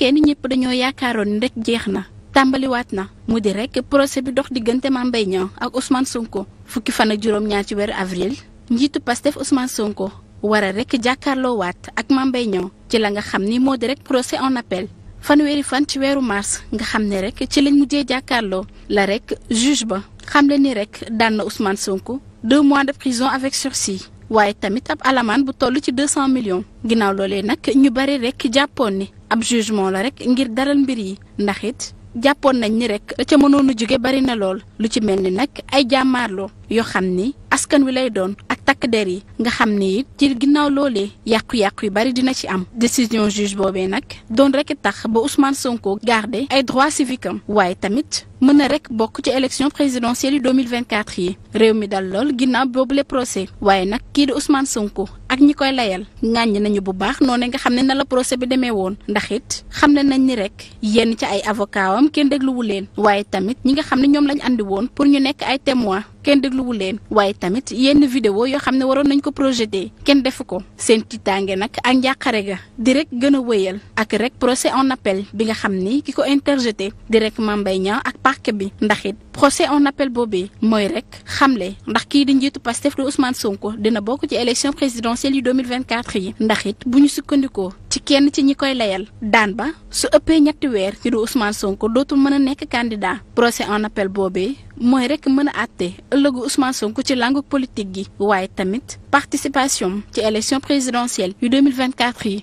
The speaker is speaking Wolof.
fekkee ni ñëpp dañoo yaakaaroon ni rek jeex na tàmbaliwaat na mu di rek procès bi dox diggante Mame Mbaye Niang ak Ousmane Sonko fukki fan ak juróom-ñaar ci weeru avril njiitu Pastef Ousmane Sonko war a rek jàkkaarloowaat ak Mame Mbaye ci la nga xam ni moo di rek procès en appel fanweeri fan ci weeru mars nga xam ne rek ci lañ mujjee jàkkaarloo la rek juge ba xam le ni rek daan na Ousmane Sonko deux mois de prison avec sursis waaye tamit ab alamaan bu toll ci 200 millions ginnaaw loolee nag ñu bari rek jàppoon ni ab jugement la rek ngir daral mbir yi ndaxit jàppoon nañ ni rek ca mënoonu jóge bari na lool lu ci mel ni nag ay jàmmaarloo yoo xam ni askan wi lay doon takk der yi nga xam ne it ci ginnaaw loolee yàqu-yàqu yu bari dina ci am décision juge boobee nag doon rek tax ba Ousmane Sonko garder ay droits civiques am waaye tamit mën na rek bokk ci élection présidentielle yi 2024 yi réew mi dal lool ginnaaw boobule procès waaye nag kii di Ousmane Sonko ak ñi koy layal ŋàññi nañu bu baax noonu nga xam ne na la procès bi demee woon ndax it xam ne nañ ni rek yenn ci ay avocat am kenn dégluwu leen waaye tamit ñi nga xam ne kenn dégluwul leen waaye tamit yenn vidéo yoo xam ne waroon nañ ko projeté kenn defu ko seen tiitaange nag ak njàqare ga direk rek gën a wëyal ak rek procès en appel bi nga xam ni ki ko interjeté direk rek Mame Mbaye Niang ak parque bi ndax it procès en appel boobee mooy rek xamle ndax kii di njiitu Pastef di Ousmane Sonko dina bokk ci élection présidentielle yu 2024 yi ndax it bu ñu sukkandikoo kenn ci ñi koy layal daan ba su ëppee ñetti weer ci du Ousmane Sonko dootul mën a nekk candidat procès en appel boobee mooy rek mën a àtte ëllëgu Ousmane Sonko ci langue politique gi waaye tamit participation ci élection présidentielle yu 2024 yi